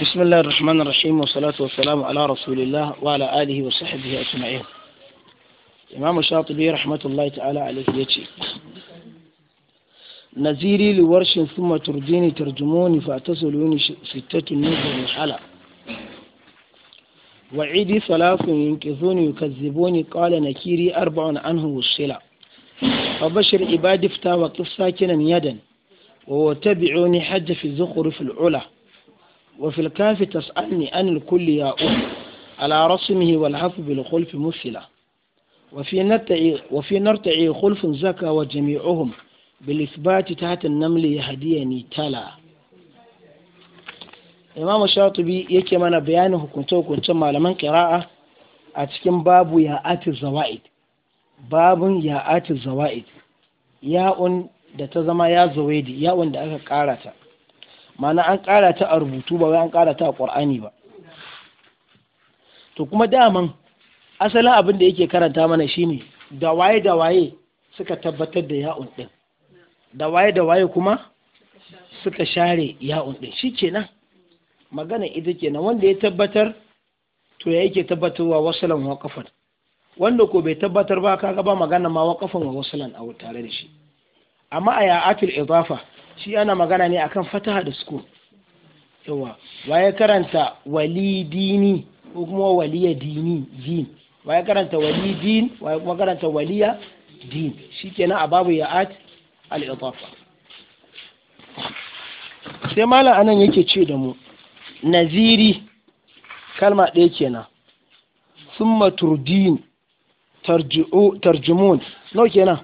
بسم الله الرحمن الرحيم والصلاة والسلام على رسول الله وعلى آله وصحبه أجمعين إمام الشاطبي رحمة الله تعالى عليه يجي نزيري لورش ثم ترديني ترجموني فاتصلوني ستة من الحلقة وعيدي ثلاث ينكثوني يكذبوني قال نكيري أربع عنه والصلة فبشر عبادي فتا وقف ساكنا يدا وتبعوني حج في الزخرف العلا وفي الكاف تسألني عن الكل يا أم على رسمه والحف بالخلف مثلة وفي نرتعي, وفي نرتعي خلف زكى وجميعهم بالإثبات تحت النمل يهديني تلا إمام الشاطبي yake mana bayanin hukunce-hukuncen malaman ƙira'a a cikin babu ya'atul zawa'id babun ya'atul zawa'id ya'un da ta zama ya zawaidi ya'un da aka karata ma'ana an ƙara ta a rubutu ba wai an ƙara ta a ƙwar'ani ba to kuma daman asalin abin da yake karanta mana shine da waye da waye suka tabbatar da ya'un ɗin da waye da waye kuma suka share ya'un ɗin shi kenan magana ita kenan wanda ya tabbatar to ya yake tabbatarwa wasulan waƙafan wanda ko bai tabbatar ba kaga ba magana ma waƙafan wa wasulan a tare da shi amma a ya'atul idafa shi ana magana ne akan fataha da sukun yawa waye karanta wali dini ko kuma waliya dini din waye karanta walidin waye kuma karanta waliya din shikenan a babu ya'at al idafa sai malam anan yake ce da mu naziri kalma ɗaya kenan summa turdin tarjumun nau kenan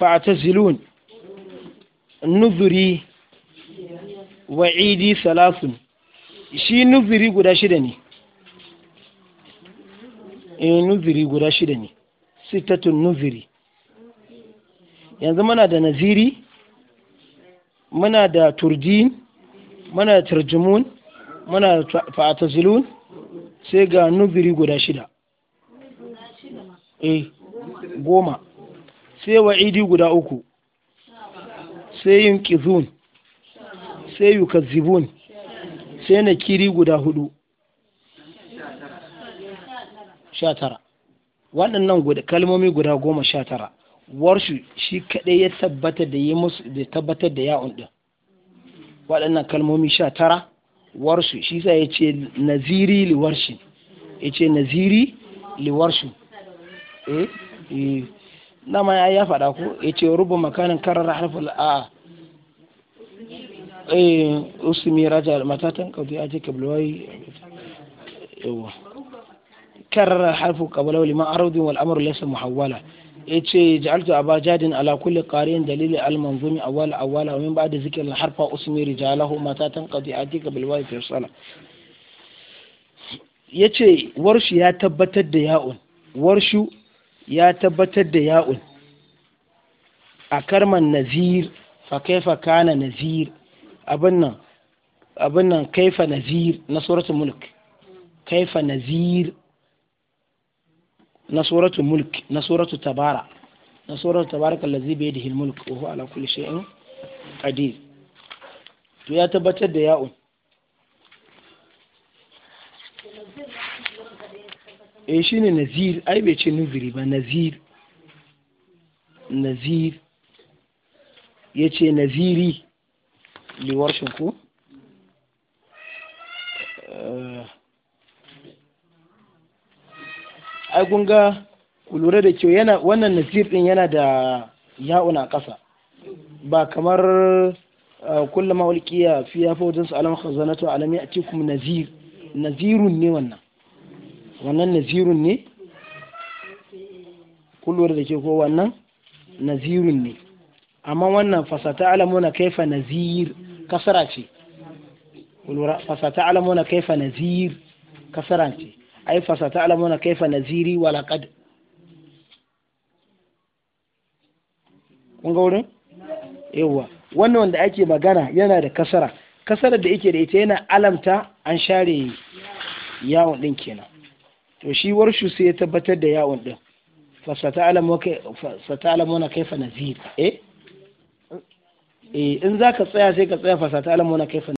fa'tazilun nuzuri wa idi salasun shi nuzuri guda shida ne eh guda shida ne sittatun nuzuri yanzu muna da naziri muna da turjin muna da turjumun muna da fa'atazilun sai ga nuzuri guda shida eh goma sai wa'idi guda uku sai yin ƙizun sai yukazibun sai na kiri guda hudu sha tara waɗannan kalmomi guda goma sha tara warshu shi kaɗai ya tabbata da ya musu da tabbatar da ya'un ɗin waɗannan kalmomi sha tara warshu shi sa ya ce naziri liwarshi ya ce naziri liwarshi eh, eh. dama ya ya faɗa ko ya ce rubu makanin karar harfin a eh usmi raja matatan kaudi aje kablawai yawa karar harfin kablawai liman araudin wal amru laysa muhawwala yace ja'altu aba jadin ala kulli qari'in dalili al manzumi awwala awwala wa min ba'da zikr al harfa usmi rijalahu matatan qadi atika bil wa'i fi sala yace warshi ya tabbatar da ya'un warshu ya tabbatar da ya'un a karman nazir fa kaifa kana nazir abin nan abin nan kaifa nazir na suratul mulk kaifa nazir na suratul mulk na suratul tabara na suratul tabarak allazi bi yadihi almulk wa huwa ala kulli shay'in qadir to ya tabbatar da ya'un eh ne nazir ai bai ce nuziri ba nazir nazir ya ce naziri liwar ku eh, ai gunga ku lura da kyau yana wannan nazir din yana da ya'un a ƙasa ba kamar eh, kullum ulqiya fa fawjin su alam khazanatu a cikin nazir nazirun ne wannan wannan nazirun ne kullum da ke ko wannan nazirun ne amma wannan fasata alamuna kaifa nazir kasara ce fasata alamuna kaifa nazir kasara ce ai fasata alamuna kaifa naziri walaqad kun ga wurin yawa wannan wanda ake magana yana da kasara kasarar da yake da ita yana alamta an share yawon din kenan to shi warshu sai ya tabbatar da yawon din fa kaifa nazir eh? eh in za ka tsaya sai ka tsaya fasata'alamuna kaifa